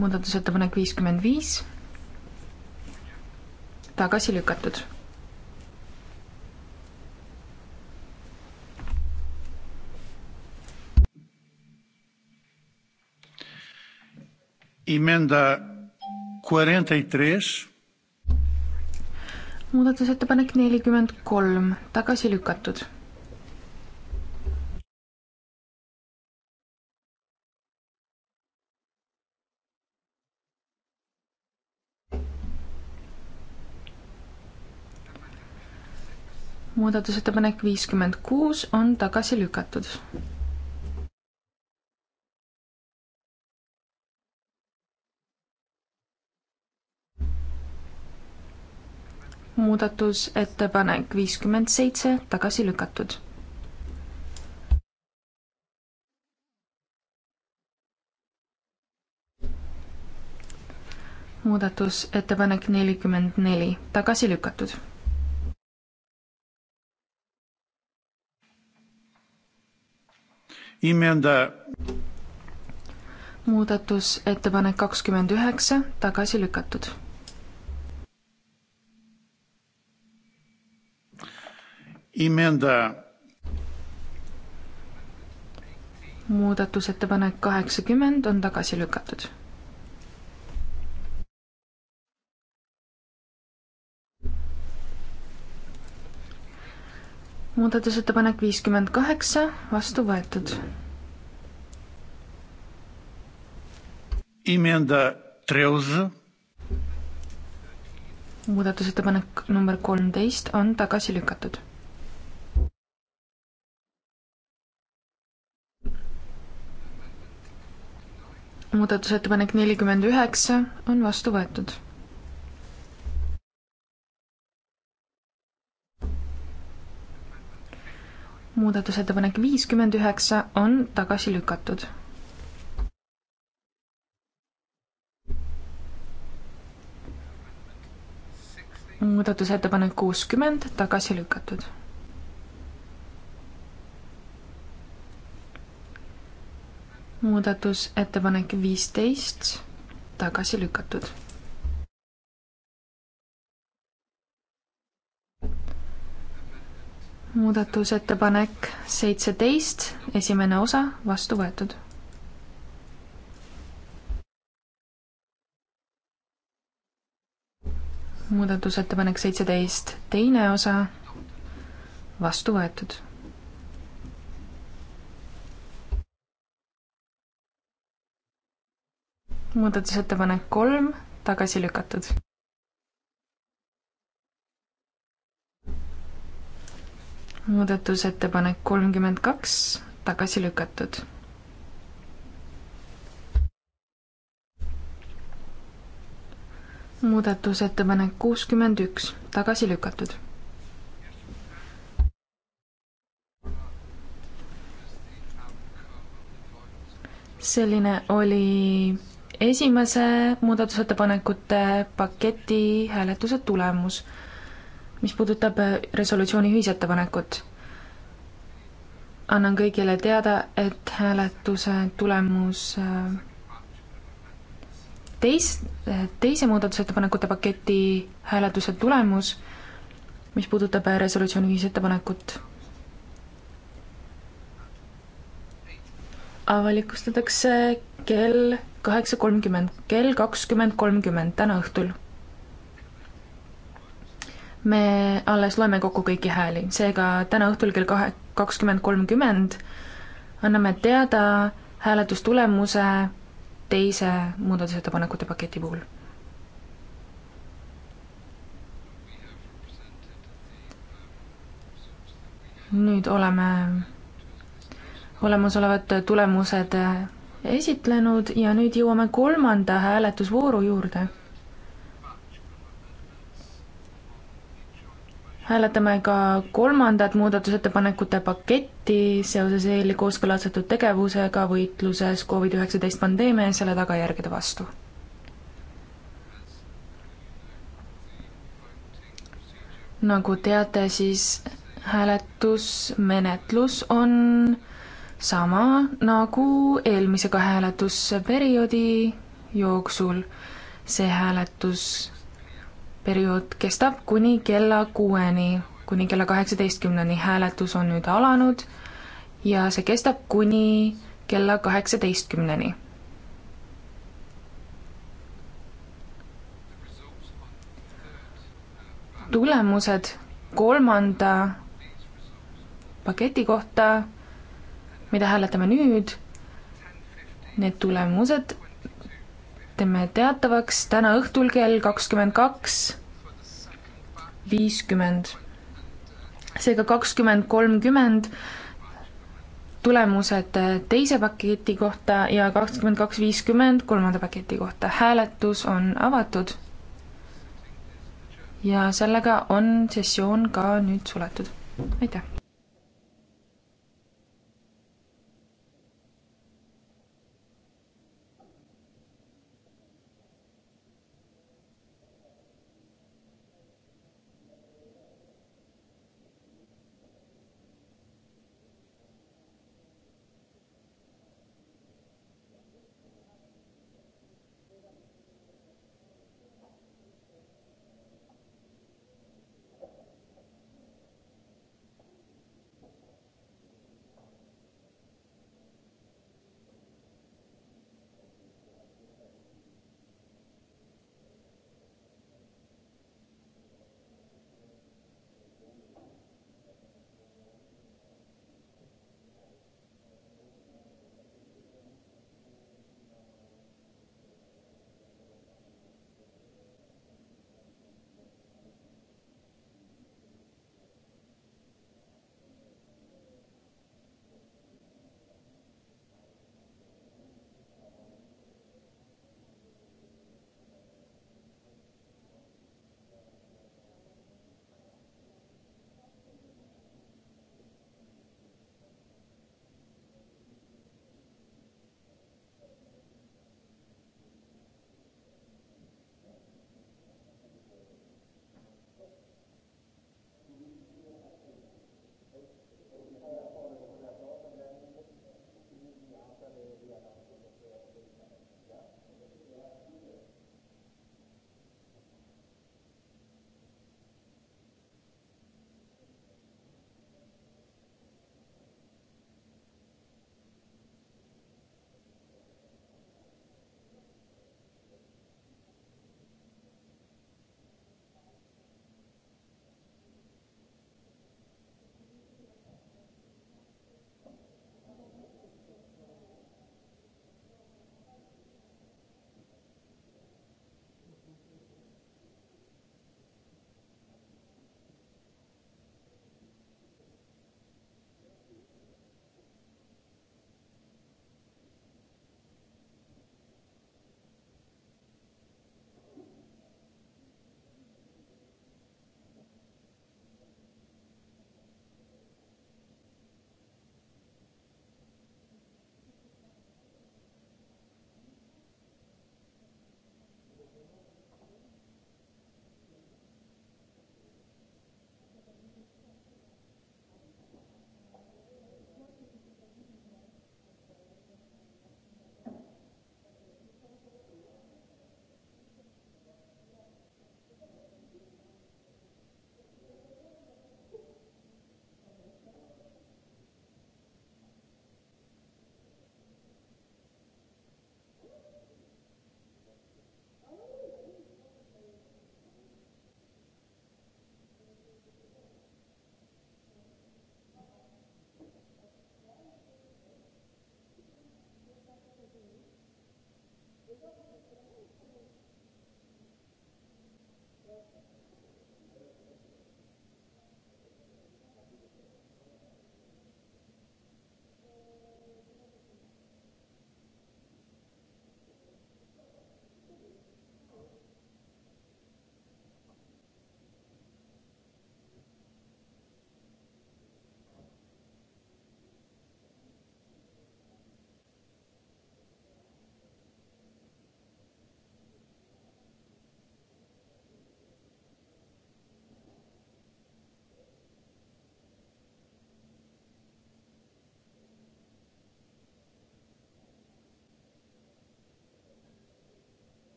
muudatusettepanek viiskümmend viis, tagasi lükatud. Emenda quarenta y e tres. muudatusettepanek nelikümmend kolm, tagasi lükatud muudatusettepanek viiskümmend kuus on tagasi lükatud. muudatusettepanek viiskümmend seitse tagasi lükatud muudatusettepanek nelikümmend neli tagasi lükatud imenda. muudatusettepanek kakskümmend üheksa tagasi lükatud. imenda. muudatusettepanek kaheksakümmend on tagasi lükatud muudatusettepanek viiskümmend kaheksa, vastu võetud. Emenda Treus. muudatusettepanek number kolmteist on tagasi lükatud. muudatusettepanek nelikümmend üheksa on vastu võetud muudatusettepanek viiskümmend üheksa on tagasi lükatud. muudatusettepanek kuuskümmend tagasi lükatud. muudatusettepanek viisteist tagasi lükatud muudatusettepanek seitseteist, esimene osa, vastu võetud. muudatusettepanek seitseteist, teine osa, vastu võetud. muudatusettepanek kolm, tagasi lükatud. muudatusettepanek kolmkümmend kaks tagasi lükatud. muudatusettepanek kuuskümmend üks tagasi lükatud. selline oli esimese muudatusettepanekute paketi hääletuse tulemus mis puudutab äh, resolutsiooni ühisettepanekut, annan kõigile teada, et hääletuse tulemus äh, teis-, äh, teise muudatusettepanekute paketi hääletuse tulemus, mis puudutab resolutsiooni ühisettepanekut, avalikustatakse kell kaheksa kolmkümmend, kell kakskümmend kolmkümmend täna õhtul me alles loeme kokku kõiki hääli, seega täna õhtul kell kahe, kakskümmend kolmkümmend anname teada hääletustulemuse teise muudatusettepanekute paketi puhul. nüüd oleme olemasolevad tulemused esitlenud ja nüüd jõuame kolmanda hääletusvooru juurde hääletame ka kolmandat muudatusettepanekute paketti seoses EL-i kooskõlastatud tegevusega võitluses Covid-19 pandeemia ja selle tagajärgede vastu. nagu teate, siis hääletusmenetlus on sama nagu eelmise kahe hääletusperioodi jooksul. see hääletus periood kestab kuni kella kuueni, kuni kella kaheksateistkümneni, hääletus on nüüd alanud ja see kestab kuni kella kaheksateistkümneni. tulemused kolmanda paketi kohta, mida hääletame nüüd, need tulemused teeme teatavaks täna õhtul kell kakskümmend kaks viiskümmend. seega kakskümmend kolmkümmend tulemused teise paketi kohta ja kakskümmend kaks viiskümmend kolmanda paketi kohta. hääletus on avatud. ja sellega on sessioon ka nüüd suletud. aitäh!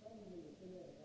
Thank you.